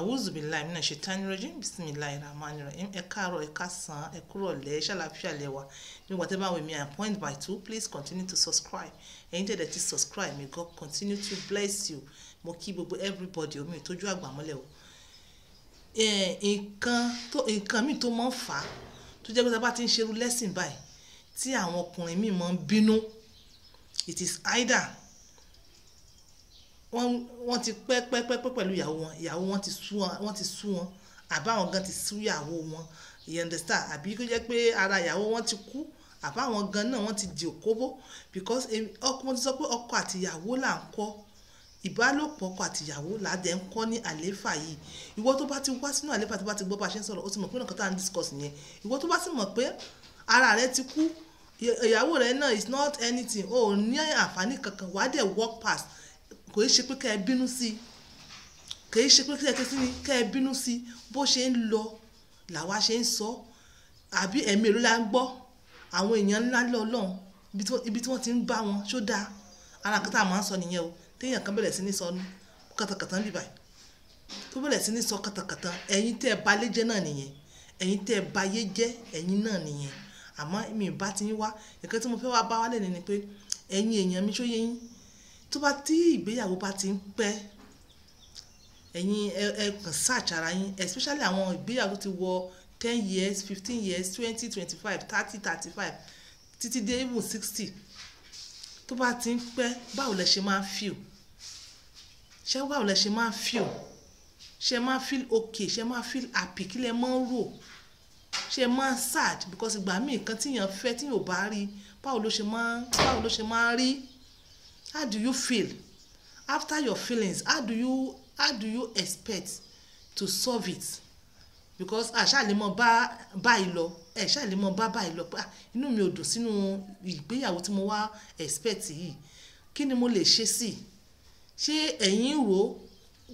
àwùzùbílà ìmìnà ṣètánirọ́jú bisimilá ìràmánirọ́ ẹ káàárọ̀ ẹ káàsán ẹ kúrọ̀lẹ́ ẹ ṣàlàfíà lẹ́wà ní whatever way may i point by two please continue to subscribe ẹ̀yin tẹ̀lé ti subscribe may god continue to bless you mo kí gbogbo everybody omi ìtọ́jú àgbàmọ́lẹ̀ o nǹkan mi tó máa ń fà á tó jẹ́ pé tá a bá ti ń ṣerú lẹ́sìn báyìí tí àwọn ọkùnrin mi máa ń bínú it is either wọ́n ti pẹ́ pẹ́ pẹ́ pẹ́ pẹ̀lú ìyàwó wọn ìyàwó wọn ti sú wọn wọ́n ti sú wọn àbáwọn gan ti sú ìyàwó wọn you understand àbí kó jẹ́ pé ara ìyàwó wọn ti kú àbáwọn gan náà wọ́n ti di òkóbó because ọkọ wọn ti sọ pé ọkọ àti ìyàwó là ń kọ́ ìbálòpọ̀ ọkọ àti ìyàwó làdẹ̀ ń kọ́ ní àléfà yìí ìwọ tó bá ti wá sínú àléfà tó bá ti gbọ́ bá a ṣe ń sọ̀rọ̀ ó ti mọ̀ pé nǹkan tá à ń discuss yẹn ìwọ tó bá sì mọ̀ pé ara rẹ ti kú ìyàwó rẹ náà is not anything o ò ní àǹfààní kankan wàá dẹ̀ walk past kò í ṣe pé ká ẹ bínú sí i kò í ṣe pé ká ẹ tẹ́sí ni ká ẹ bínú sí i bó ṣe ń lọ làwa ṣe ń sọ àbí ẹ̀mí èlò la ń gbọ́ àwọn èèyàn ńlá lọ́lọ́run ibi tí wọ́n ti ń bá wọn ṣó dáa ara kan tá a máa ń sọ nìyẹn o téèyàn kan bẹ̀rẹ̀ sí ní sọ kàtàkàtà níbà tó bẹ̀rẹ̀ sí ní sọ kàtàkàtà ẹ̀yin tẹ́ ẹ ba lé jẹ́ náà nìyẹn ẹ̀yin tẹ́ ẹ ba yé jẹ́ ẹ̀yin náà nìyẹn àmọ́ mi ì bá ti ń wá nǹkan tí mo fẹ́ wá bá wálé ni ni pé ẹ̀yin èèyàn mi ṣó yé yín tó bá tí ìgbéyàwó bá ti ń pẹ́ ẹ̀yin ẹ kàn search ara yín especially àwọn ìgbéyàwó ti wọ ten years fifteen years twenty twenty five thirty thirty five títí dé even sixty tó bá ti ń pẹ́ báwo lẹ ṣe máa ń feel ṣé báwo lẹ ṣe máa ń feel ṣe máa feel okay ṣe máa feel happy kí lẹ máa ń rò ṣe máa ń sad because ìgbà míì kan tíyàn fẹ́ tíyàn ò bá rí báwo ló ṣe máa báwo ló ṣe máa rí how do you feel after your feelings how do you how do you expect to solve it because àṣàlímọ bá báyìí lọ ẹ ṣàlímọ bá báyìí lọ pé inú mi ò dùn sínú ìgbéyàwó tí mo wá expect yìí kí ni mo lè ṣe sí ṣé ẹ̀yin rò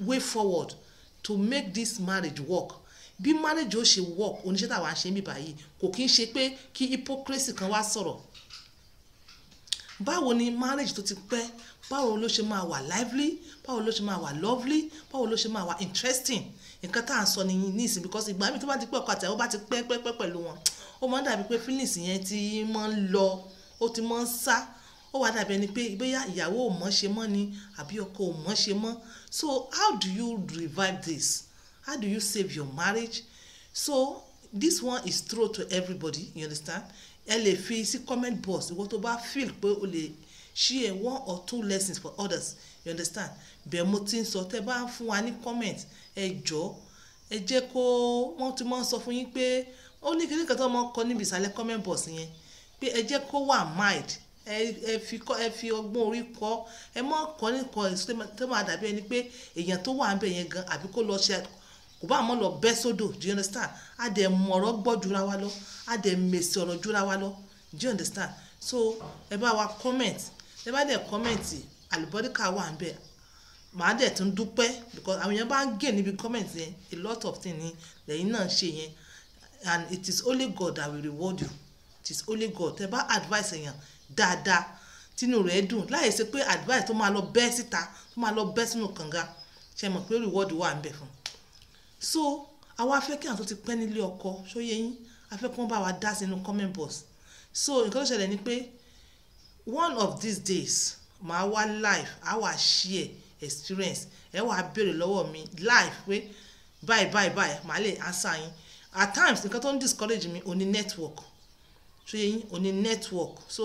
way forward to make this marriage work bí marriage ó ṣe work oníṣẹ́ tàwa ṣe ń bíbá yìí kò kí ń ṣe pé kí hypocrisy kan wá sọ̀rọ̀ báwo ni marriage tó ti pẹ́ báwo ló ṣe máa wà lively báwo ló ṣe máa wà lovely báwo ló ṣe máa wà interesting nǹkan tá à ń sọ nìyí ní ìsìn because ìgbà mi tó bá ti pẹ́ ọkọ àtìyàwó bá ti pẹ́ pẹ́ pẹ́ pẹ̀lú wọn ó máa ń dàbí pé feelings yẹn ti máa ń lọ ó ti máa ń sá ó wá dàbí ẹni pé bóyá ìyàwó ò mọ̀ ṣe mọ́ ni àbí ọkọ ò mọ̀ ṣe mọ́ so how do you revive this how do you save your marriage so this one is true to everybody you understand ẹ lè fi sí comment box ìwọ tó bá feel pé o lè share one or two lessons for others you understand bẹ́ẹ̀ mo ti ń sọ tẹ́ bá ń fún wa ní comment ẹ jọ ẹ jẹ́ kó wọ́n ti máa ń sọ fún yín pé ó ní kíní kan tó máa ń kọ níbi ìsàlẹ̀ comment box yẹn pé ẹ jẹ́ kó wà mind ẹ fi kọ ẹ fi ọgbọ́n orí kọ ẹ mọ́ kọ́ ní kọ èso tó máa dàbí ẹni pé èèyàn tó wà ń bẹ̀ yẹn gan àbí kó lọ ṣe kò bá àmọ́ lọ bẹ́ sódò do you understand a dẹ̀ mọ̀rọ̀ gbọ́ jura wa lọ a dẹ̀ mèsì ọ̀rọ̀ jura wa lọ do you understand so ẹ bá wa comment ẹ bá dẹ̀ comment àlùbọ́díkà wà ń bẹ̀ màá dẹ̀ tún dúpẹ́ because àwọn èèyàn bá ń gè níbi comment yẹn a lot of things ni lẹ́yìn náà ṣe yẹn and it is only God that will reward you it is only God tẹ bá advice èèyàn dáadáa tínú rẹ̀ dùn láì ṣe pé advice tó máa lọ bẹ́ síta tó máa lọ bẹ́ sínú kànga ṣe mọ̀ pé reward wà ń bẹ̀ fún un so àwa afẹ́ kí àwọn tó ti pẹ́ nílé ọkọ ṣóyé yín afẹ́ kí wọ́n bá wa dá sínú comment box so nǹkan tó ṣẹlẹ̀ ni pé one of these days màá wá live á wà share experience ẹ wà á béèrè lọ́wọ́ mi live pé báyìí báyìí báyìí màá lè answer yín at times nǹkan tó ń discourage mi ò network ṣóyé yín ò ní network so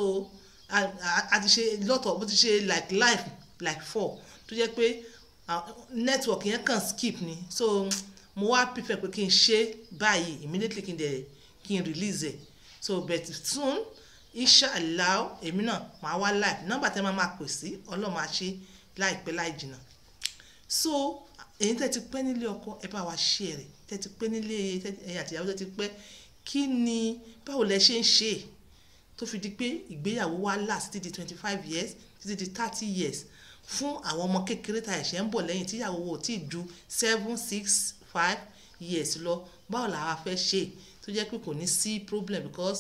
a ti ṣe lọ́tọ̀ bó ti ṣe like life, like four tó jẹ́ pé network yẹn kàn skip ni so. Mm, mo wá prefer pé kí n ṣe báyìí immediately kí n dẹ̀ kí n release ẹ̀ so but soon inshallah èmi náà máa wá live nọ́mbà tẹ́ máa máa pè sí ọlọ́run máa láìpẹ́ láì jìnnà so èyí tẹ́ ti pẹ́ nílé ọkọ ẹ bá wa share rẹ̀ tẹ́ ti pẹ́ nílé ẹ̀yin àtìyàwó tẹ́ ti pẹ́ kí ni báwo lẹ ṣe ń ṣe tó fi di pé ìgbéyàwó wa last títí di twenty five years títí di thirty years fún àwọn ọmọ kékeré ta ẹ̀ṣẹ̀ ń bọ̀ lẹ́yìn tíyàwó wò tí ju seven six five years lọ báwo làwa fẹ́ ṣe tó jẹ́ pé kò ní sí problem because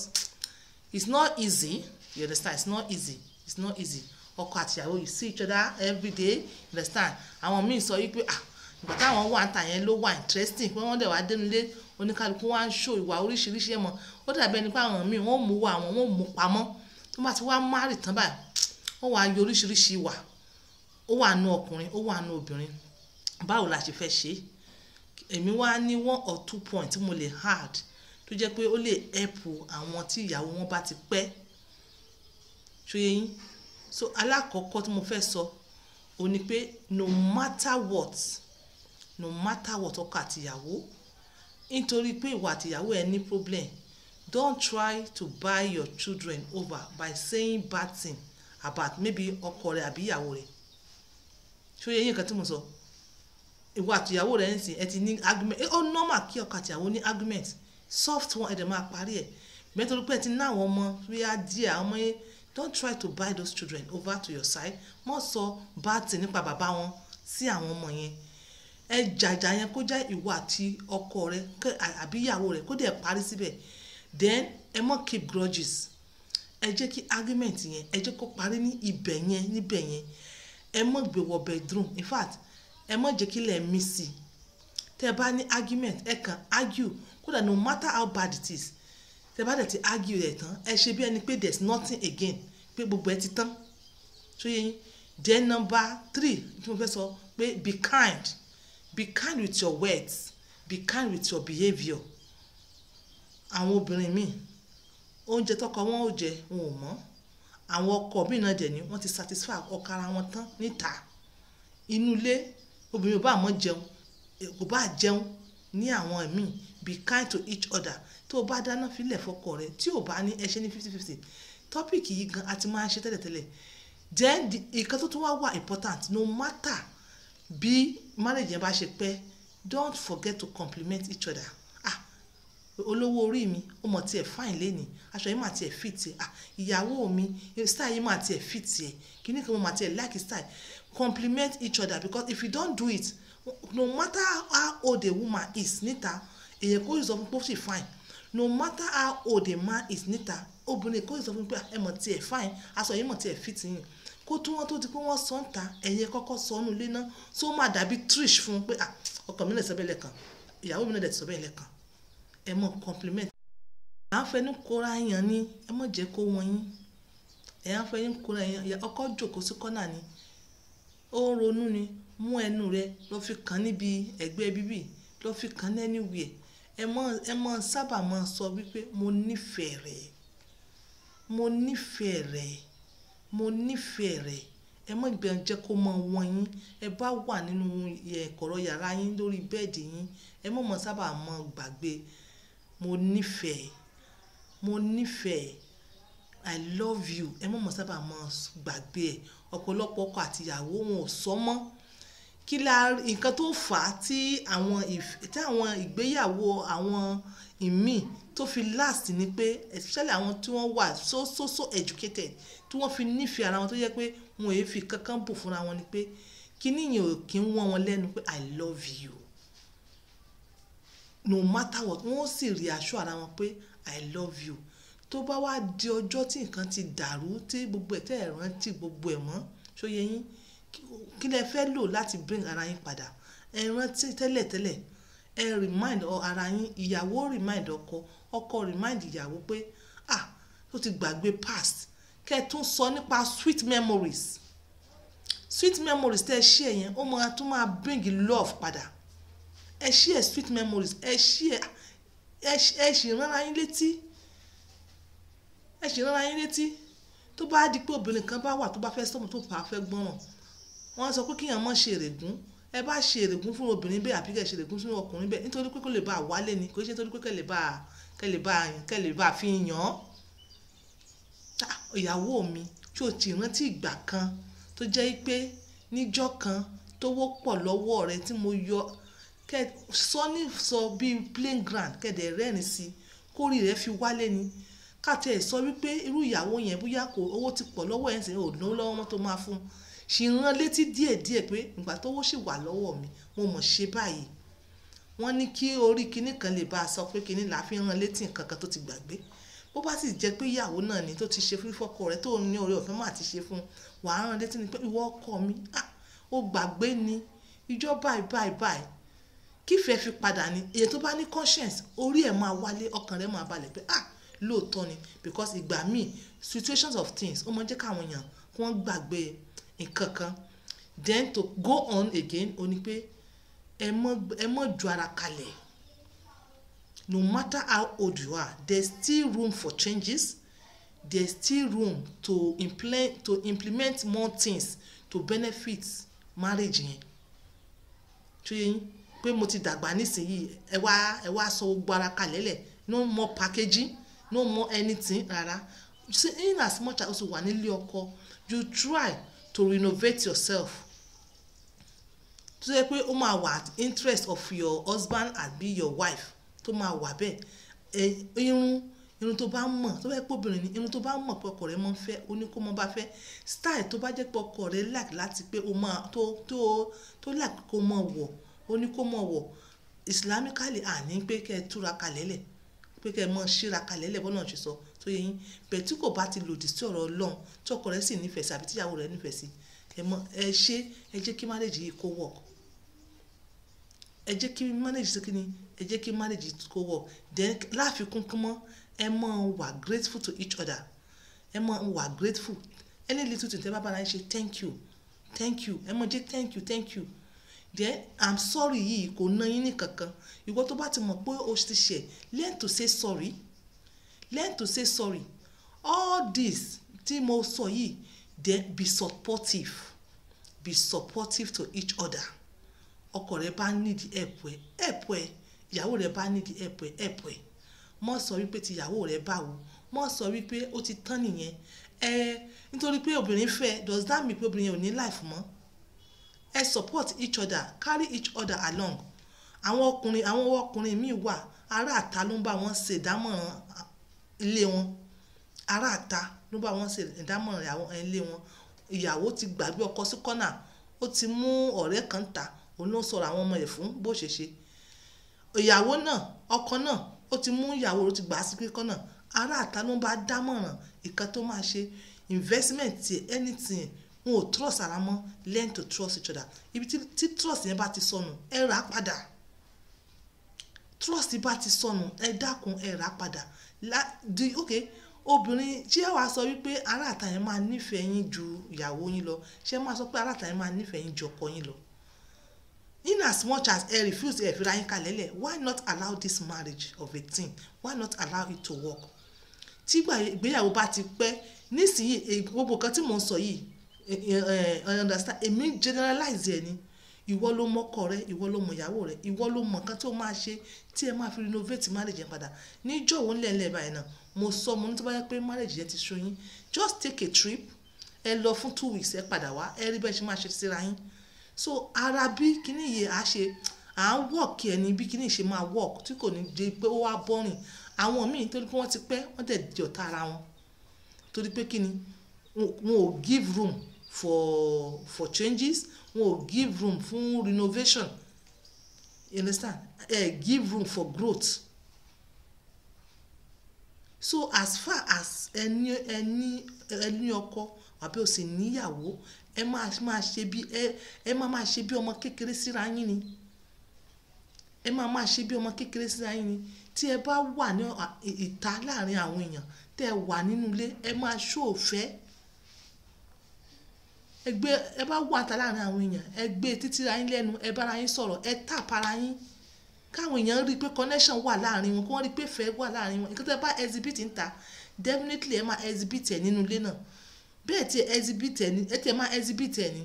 it's not easy you understand it's not easy it's not easy ọkọ àtìyàwó you see each other every day you understand àwọn míì sọ wípé ah ìgbà táwọn wà ń ta yẹn ló wà interesting pé wọ́n dẹ̀ wá dénú lé oníkálukú wá ń ṣó ìwà oríṣiríṣi ẹ̀mọ́ ó dàbí ẹni pé àwọn míì wọ́n mú wa àwọn wọ́n mú pamọ́ tó bá ti wá márì tán báyìí wọ́n wá yọ oríṣiríṣi ìwà ó wà nù ọkùnrin ó wà nù obìnrin báwo la ṣe fẹ́ ṣe é èmi wá ní one or two points. tí mo lè add tó jẹ́ pé ó lè help àwọn tí ìyàwó wọn bá ti pẹ́ ṣóyè yín so alákọ̀ọ́kọ́ tí mo fẹ́ sọ ò ní pé no matter what no matter what ọkọ àtìyàwó nítorí pé ìwà àtìyàwó ẹ ní problem don't try to buy your children over by saying bad thing about maybe ọkọ rẹ àbí ìyàwó rẹ ṣóyè yín nǹkan tí mo sọ. So, ìwọ àtìyàwó rẹ ń sìn ẹ ti ní argument ó normal kí ọkọ àtìyàwó ní argument soft one ẹ dẹ̀ máa parí ẹ̀ mẹ́tọ́rọ́ pé ẹ ti ná àwọn ọmọ bóyá díẹ̀ àwọn ọmọ yẹn don't try to buy those children over to your side mọ́ sọ bad thing nípa bàbá wọn sí àwọn ọmọ yẹn ẹ jàjà yẹn kó jẹ́ ìwọ àti ọkọ rẹ àbí ìyàwó rẹ kó dẹ̀ parí síbẹ̀ then ẹ mọ́ keep grudges ẹ jẹ́ kí argument yẹn ẹ jẹ́ kó parí ní ibẹ̀ yẹn níbẹ̀ yẹn ẹ mọ́ gbé wọ bedroom in fact ẹ má jẹ́ kí lẹ̀ mí sí i bá ní argument ẹ kàn argue kódà no matter how bad it is tẹ́ ẹ bá dẹ̀ ti argue rẹ̀ tán ẹ ṣe bí ẹni pé there is nothing again pé gbogbo ẹ ti tán tó yẹ then number three tí mo fẹ́ sọ pé be kind be kind with your words be kind with your behaviour àwọn obìnrin míì oúnjẹ tọkọ wọn ò jẹ wọn ò mọ̀ àwọn ọkọ míì náà dẹ̀ ni wọ́n ti satisfy ọkọ ara wọn tán níta inú ilé obìnrin ò bá àmọ́ jẹun kò bá jẹun ní àwọn míì be kind to each other tó o bá dáná filẹ̀ fọkọ rẹ tí o bá ní ẹ ní fifty fifty topic yìí gan a ti máa ṣe tẹ́lẹ̀tẹ́lẹ̀ then ìkan tó tún wá wà important no matter bí marriage yẹn bá ṣe pẹ́ don't forget to compliment each other ah olówó orí mi ó mọ̀ tiẹ̀ fine lẹ́ni aṣọ yìí mà tiẹ̀ fit tiẹ̀ ah ìyàwó mi style yìí mà tiẹ̀ fit tiẹ̀ kíní kan mo mà tiẹ̀ like style complement each other because if you don do it no matter how old a woman is níta èyàn kò sọ fún pé ó sì fine no matter how old a man is níta obìnrin kò sọ fún pé ah, ẹ mọ̀ tiẹ̀ fine aṣọ yìí mọ̀ tiẹ̀ fit yín kó tún wọn tó di pé wọ́n sọ ń ta ẹ̀yẹ kọ́kọ́ sọ ọ́nù ilé náà máa dàbí trish fún un pé ah, ọkàn mi lè sọ bẹ́ẹ̀ lẹ́ẹ̀kan ìyàwó mi lè sọ bẹ́ẹ̀ lẹ́ẹ̀kan ẹ mọ̀ compliment à ń kóra yàn ni ẹ mọ̀ jẹ́ kó wọ́n yín ẹ̀ à ń fẹnu kóra yàn ọkọ jòkó sí kọ́nà ni ó ń ronú ni mú ẹnu rẹ lọ fi kàn níbi ẹ̀gbẹ́ bíbí lọ fi kàn anywhere ẹ mọ ẹ mọ sábà máa sọ wípé mo nífẹ̀ẹ́ rẹ mo nífẹ̀ẹ́ rẹ mo nífẹ̀ẹ́ rẹ ẹ mọ ìgbẹ́ jẹ́ kó mọ wọn yín ẹ bá wà nínú ẹ̀kọ́rọ̀ yàrá yín lórí bẹ́ẹ̀dì yín ẹ mọ̀ mọ́ sábà mọ gbàgbé mo nífẹ̀ẹ́ mo nífẹ̀ẹ́ i love you ẹ mọ̀ mọ̀ sábà mọ̀ gbàgbé ẹ̀ ọ̀pọ̀lọpọ̀ ọkọ àtìyàwó wọn ò sọ mọ́ kí la nǹkan tó fà á tí àwọn tí àwọn ìgbéyàwó àwọn ìmíì tó fi last ni pé especially àwọn tí wọ́n wà so so so educated tí wọ́n fi nífẹ̀ẹ́ ara wọn tó yẹ pé wọn èé fi kankan bò fúnra wọn ni pé kíní yẹn ò kí ń wọ́n wọn lẹ́nu pé i love you no matter what wọ́n sì rí aṣọ ara wọn pé i love you tó bá wá di ọjọ́ tí nǹkan ti dàrú tí gbogbo ẹ̀ tẹ́ ẹ̀ rántí gbogbo ẹ̀ mọ́ ṣóyẹ yín kí lẹ fẹ́ lò láti bring ara yín padà ẹ rántí tẹ́lẹ̀tẹ́lẹ̀ ẹ remind ara yín ìyàwó remind ọkọ ọkọ remind ìyàwó pé ah tó ti gbàgbé past kẹ́ tún sọ nípa sweet memories sweet memories tẹ́ ẹ ṣí ẹ yẹn ó máa tún máa bring love padà ẹ ṣí ẹ sweet memories ẹ ṣí ẹ ẹ ṣì rán ara yín létí ẹ ṣe rárá yín létí tó bá di pé obìnrin kan bá wà tó bá fẹ́ sọ́mọ tó bá fẹ́ gbọ́ràn wọ́n sọ pé kíyàn mọ́ ṣe èrègún ẹ bá ṣe èrègún fún obìnrin bẹ́ẹ̀ àbí kẹ́ ṣe èrègún fún ọkùnrin bẹ́ẹ̀ nítorí pé kó lè bá a wálé ni kò ṣe nítorí pé kẹ́lẹ̀ bá a kẹ́lẹ̀ bá a kẹ́lẹ̀ bá a fi yàn án. Ah, ìyàwó mi tí o ti rántí ìgbà kan tó jẹ́ pé níjọ́ kan tó wọ́pọ̀ lọ́wọ́ rẹ tí mo yọ kẹ sọ ní sọ bíi playground kẹ́dẹ̀ rẹ́rìn sí kórìí rẹ fi wálé ni káàtì ẹ̀ sọ wípé irú ìyàwó yẹn bóyá kò owó ti pọ̀ lọ́wọ́ ẹ̀ ń sìn ò náwó lọ́wọ́ mọ́ tó máa fún un ṣì ń rán létí díẹ̀díẹ̀ pé ìgbà tówó ṣì wà lọ́wọ́ mi mo mọ̀ ṣe báyìí wọ́n ní kí orí kinní kan lè bá a sọ pé kinní là á fi rán létí nǹkan kan tó ti gbàgbé bó bá sì jẹ́ pé ìyàwó náà ni tó ti ṣe fún ìfọkọ rẹ̀ tó ní orí ọ̀fẹ́ máa ti ṣe fún un rán létí ni pé ìwọ ọkọ mi ó gbàgbé ni ìjọ báyìí báyìí báyìí kífẹ̀ẹ́ fi padà ni èyí tó bá ní conscience orí ẹ̀ máa wálé ọkàn rẹ̀ máa balẹ̀ pé ah lóòótọ́ ni because ìgbà míì situations of things ó máa jẹ́ káwọn èèyàn kí wọ́n gbàgbé nǹkan then to go on again ó ní pé ẹ mọ́ ẹ ju ara kalẹ̀ no matter how old you are there's still room for changes there's still room to implement to implement more things to benefit marriage yẹn tó yẹ yín pé mo ti dàgbà nísìnyí ẹ wá ẹ wá sọ gbogbo ara kalẹ̀ lẹ̀ no more packaging no more anything rara. See, in as much as o wà nílé ọkọ you try to renovate yourself To yẹ pé ó máa wà at interest of your husband and be your wife tó máa wà bẹ́ẹ̀ irun irun tó bá mọ̀ tó bá yẹ pé obìnrin ni irun tó bá mọ̀ pé ọkọ rẹ̀ máa ń fẹ́ ó máa bá fẹ́ style tó bá jẹ́ pé ọkọ rẹ̀ like láti pé ó máa tó tó tó like kó máa wọ̀ ó máa wọ̀ islamically àní pé kẹ́ ẹ túra kalẹ̀ lẹ̀ pé kẹ́ ẹ mọ ṣíra kalẹ̀ lẹ́bọ̀n náà ṣe sọ tó yẹ yín bẹ́ẹ̀ tí kò bá ti lòdì sí ọ̀rọ̀ ọlọ́run tí ọkọ rẹ̀ sì nífẹ̀ẹ́ sí àbí tíyàwó rẹ̀ nífẹ̀ẹ́ sí ẹ mọ ẹ ṣe ẹ jẹ́ kí marriage yìí kó work ẹ jẹ́ kí marriage sí kíni ẹ jẹ́ kí marriage kó work then láàfikún kún mọ́ ẹ mọ wà grateful to each other ẹ mọ wà grateful any little thing tẹ́ bá bára ẹ ṣe thank you thank you ẹ mọ jẹ́ thank you thank you then i'm sorry yìí kò ná yín ní kankan ìwọ tó bá ti mọ̀ pé o ti ṣẹ̀ learn to say sorry learn to say sorry all this tí mo sọ yìí then be supportive be supportive to each other ọkọ rẹ bá need help ẹ help ẹ ìyàwó rẹ bá need help ẹ help ẹ mọ sọ wípé tìyàwó rẹ báwo mọ sọ wípé ó ti tán nìyẹn ẹ nítorí pé obìnrin fẹ́ does that mean pé obìnrin yẹn ò ní life mọ́ ẹ support each other carry each other along àwọn ọkùnrin àwọn ọkùnrin míì wà ará àta ló ń bá wọn ṣe ìdámọ̀ràn ilé wọn ará àta ló ń bá wọn ṣe ìdámọ̀ràn àwọn ilé wọn ìyàwó ti gbàgbé ọkọ sí kọ́nà ó ti mú ọ̀rẹ́ kan ta òun ló sọ̀rọ̀ àwọn ọmọ ẹ̀ fún bó ṣe ṣe ìyàwó náà ọkọ náà ó ti mú ìyàwó ló ti gbà á sí pé kọ́nà ará àta ló ń bá dámọ̀ràn ìkan tó máa ṣe investment ti anything n ò trust ara mọ́ learn to trust each other ibi tí trust yẹn bá ti sọnù ẹ rà á padà trust bá ti sọnù ẹ dákun ẹ rà á padà la di okay obìnrin ṣé ẹ wàá sọ wípé ará àta yẹn máa nífẹ̀ẹ́ yín ju ìyàwó yín lọ ṣé ẹ máa sọ pé ará àta yẹn máa nífẹ̀ẹ́ yín ju ọkọ yín lọ in as much as ẹ refuse ẹ fira yín kalẹ̀ lẹ̀ why not allow this marriage of a thing why not allow it to work tí ìgbéyàwó bá ti pẹ́ nísìnyí gbogbo kan tí mò ń sọ yìí Eh, eh, eh, I understand èmi generalize ẹ ni ìwọ ló mọkọ rẹ ìwọ ló mọ ìyàwó rẹ ìwọ ló mọ nǹkan tó máa ṣe tí ẹ máa fi renovate marriage yẹn padà níjọ́ òun lẹ́ẹ̀lẹ́ báyìí náà mo sọ mo ní tó bá yẹ pé marriage yẹn ti ṣoyún just take a trip ẹ lọ fún two weeks ẹ padà wá ẹ rí bẹ́ẹ̀ ṣe máa ṣe síra yín so ara bí kíní yìí á ṣe à ń work ẹ ní bí kíní ṣe máa work tí kò ní di pé ó wá bọ́rìn àwọn míì torí pé wọ́n ti pẹ́ wọ́n dẹ̀ di ọ̀tá ara wọn torí pé kíni wọn ò give room for for changes wọn ò give room fún renovation you understand eh, give room for growth so as far as ẹni ẹni ẹni ọkọ àbí òsì níyàwó ẹ máa máa ṣe bí ẹ ẹ máa máa ṣe bí ọmọ kékeré síra yín ni ẹ máa máa ṣe bí ọmọ kékeré síra yín ni tí ẹ bá wà ní ìta láàrin àwọn èèyàn tẹ́ ẹ wà nínú ilé ẹ máa ṣó òfẹ́ ẹgbẹ́ ẹ bá wà tá láàrin àwọn èèyàn ẹgbẹ́ títí ra yín lẹ́nu ẹ bára yín sọ̀rọ̀ ẹ tap ara yín káwọn èèyàn rí i pé connection wà láàrin wọn kí wọ́n rí i pé fẹ́ wà láàrin wọn ìkọ́tẹ́ bá exhibit ń ta definitely ẹ máa exhibit ẹ̀ nínú ilé náà bẹ́ẹ̀ tí exhibit ẹ̀ ní ẹ tẹ́ máa exhibit ẹ̀ ní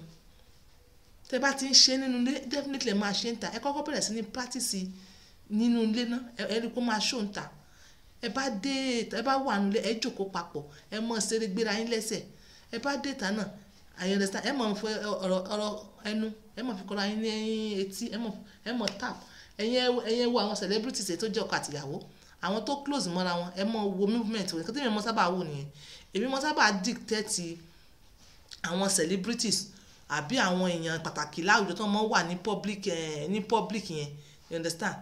tẹ́ bá ti ń ṣe nínú ilé definitely ẹ máa ṣe ń ta ẹ kọ́kọ́ bẹ̀rẹ̀ sí ní practice nínú ilé náà ẹ rí i kó máa ṣó ń ta ẹ bá dé ẹ bá wà nílé ẹ jókòó papọ̀ ẹ mọ̀ ṣeré gbéra yín lẹ́sẹ̀ ẹ bá dé ìta náà i understand ẹ mọ̀ fún ọ̀rọ̀ ọ̀rọ̀ ẹnu ẹ mọ̀ fi kọ́ra yín ní etí ẹ mọ̀ ẹ mọ̀ tap ẹ̀yin ẹ̀yin wo àwọn celebrities ẹ̀ tó jẹ́ ọkọ àtìyàwó àwọn tó close mọ́ra wọn ẹ mọ̀ wo movement wọn kí tèmi mọ̀ sábà wò nìyẹn èmi mọ̀ sábà dictate àwọn celebrities àbí àwọn èèyàn pàtàkì láwùjọ tó mọ̀ wà ní public ní public yẹn you understand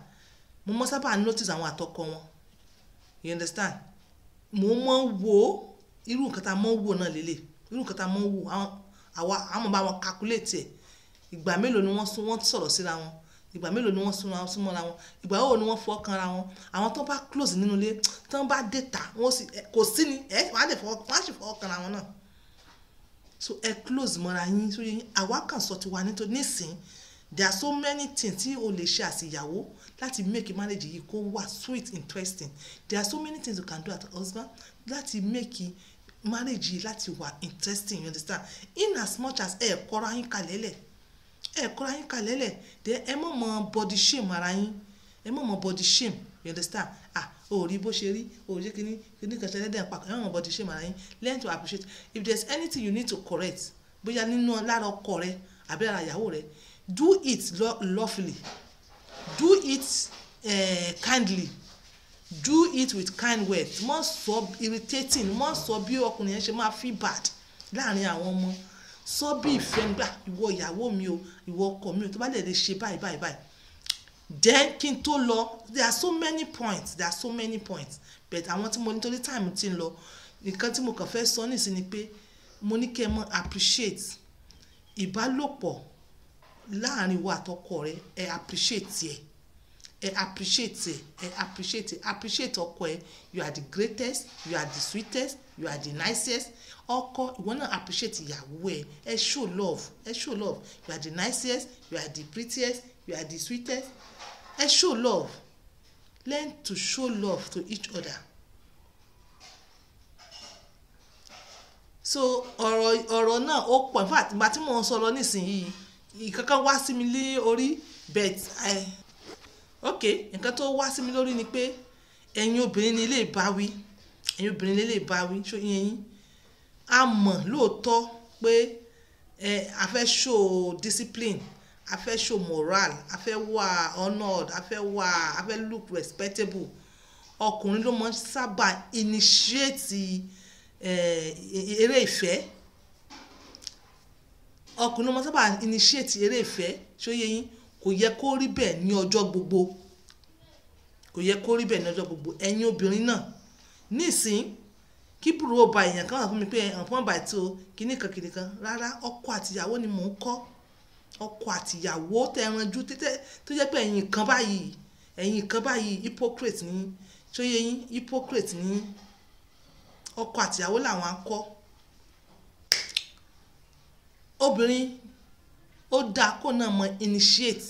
mo mọ̀ sábà notice àwọn àtọkọ wọn you understand mo mọ̀ wo irú nǹkan tá a mọ̀ wo náà lélẹ̀ẹ́ irú nǹkan tá a mọ̀ wò àwa àmọ́ bá wọn calculate ẹ̀ ìgbà mélòó ni wọ́n sún wọ́n sọ̀rọ̀ síra wọn ìgbà mélòó ni wọ́n súnmọ́ra wọn ìgbà wo ni wọ́n fọwọ́ kanra wọn àwọn tó bá close nínú ilé tó bá dé ta wọ́n sì kò sí ni ẹ wàá lè fọwọ́ wọ́n á sì fọwọ́ kanra wọn náà so ẹ close mọ́ra yín sórí yín àwa kàn sọ tiwa nítorí nísìn there are so many things tí o lè ṣe àṣìyàwó láti make marriage yìí kó wà sweet interesting there are so many things you can do as a husband láti make Manage yìí láti wà interesting you understand in as much as ẹ kọ́ra yín kalẹ́lẹ̀ ẹ kọ́ra yín kalẹ́lẹ̀ then ẹ mọ̀ mọ̀ body shame ara yín ẹ mọ̀ mọ̀ body shame you understand ah o rí bó ṣe rí o rí kíní kíní kan ṣẹlẹ̀ dẹ̀ pàkó ẹ mọ̀ mọ̀ body shame ara yín learn to appreciate if there is anything you need to correct bóyá nínú lára ọkọ rẹ àbí lára ìyàwó rẹ do it lawfully do it uh, kindly do it with kind words mọ sọ irritating mọ sọ bí ọkùnrin yẹn ṣe máa feel bad láàrin àwọn ọmọ sọ bí ìfẹ́ ń gbà ìwọ ìyàwó mi o ìwọ ọkọ mi o tó bá lè lè ṣe báyìí báyìí báyìí then kí n tó lọ there are so many points there are so many points but àwọn tí mo nítorí time ti ń lọ nǹkan tí mo kàn fẹ́ sọ nìsín ni pé mo ní kẹ́ ẹ mọ appreciate ìbálòpọ̀ láàrin wa àtọkọ rẹ ẹ appreciate yẹ. Yeah ẹ appreciate ẹ appreciate appreciate ọkọ ẹ you are the greatest you are the sweetest you are the nicest ọkọ ìwọ náà appreciate ìyàwó ẹ ẹ show love ẹ show love you are the nicest you are the prettiest you are the sweetest ẹ show love learn to show love to each other. so ọ̀rọ̀ ọ̀rọ̀ náà ó pọ̀ in fact ìgbà tí mo ń sọ̀rọ̀ nísìnyí ìkankan wá sí mi lé orí but I, ok nǹkan tó wá sí mi lórí ni pé ẹ̀yin obìnrin ni ilé ìbáwí ẹ̀yin obìnrin ni ilé ìbáwí ṣó yẹn yín a mọ̀ lóòótọ́ pé ẹ a fẹ́ show discipline a fẹ́ show moral a fẹ́ wà honoured a fẹ́ wà a fẹ́ look respectable ọkùnrin ló máa ń sábà initiate eré ìfẹ́ ọkùnrin ló máa ń sábà initiate eré ìfẹ́ ṣó yẹ yín kò yẹ kó rí bẹ́ẹ̀ ní ọjọ́ gbogbo kò yẹ kó rí bẹ́ẹ̀ ní ọjọ́ gbogbo ẹ̀yin obìnrin náà nísìn kí bùrù ó ba èèyàn kan wà fún mi pé ẹ̀hàn fún ọ̀bà tí o kíní kan kíní kan rárá ọkọ àtìyàwó ni mò ń kọ́ ọkọ àtìyàwó tẹranjú títẹ tó jẹ́ pé ẹ̀yin kan báyìí ẹ̀yin kan báyìí hypocrite ni tó yẹ yín hypocrite ni ọkọ àtìyàwó làwọn á kọ́ obìnrin ó dáa kó náà mọ initiate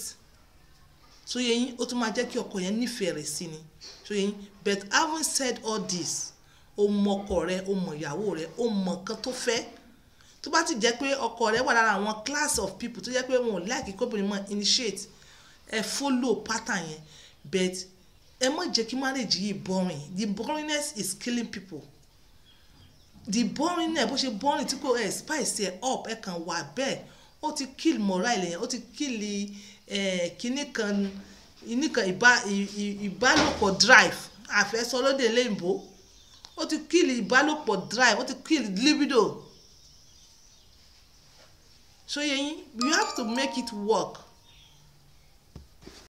so yẹ yín ó tún máa jẹ́ kí ọkọ yẹn nífẹ̀ẹ́ rẹ̀ sí ni so yẹ yín but having said all this o mọ ọkọ rẹ o mọ ìyàwó rẹ o mọ nǹkan tó fẹ́ tó bá ti jẹ́ pé ọkọ rẹ wà lára àwọn class of people tó jẹ́ pé wọn ò láìkí kóbìnrin mọ initiate ẹ follow pattern yẹn but ẹ má jẹ́ kí marriage yìí boring the boringness is killing people the boring náà bó ṣe boring tí kò ẹ spice ẹ up ẹ kàn wà bẹ́ẹ̀ ó ti kill morale yẹn ó ti kill Eh, kínní kan ní kan ìbálòpọ̀ drive àfẹ́sọ́lódé lẹ́yìnbó ó ti kíìlì ìbálòpọ̀ drive ó ti kíìlì libido so yẹn you have to make it work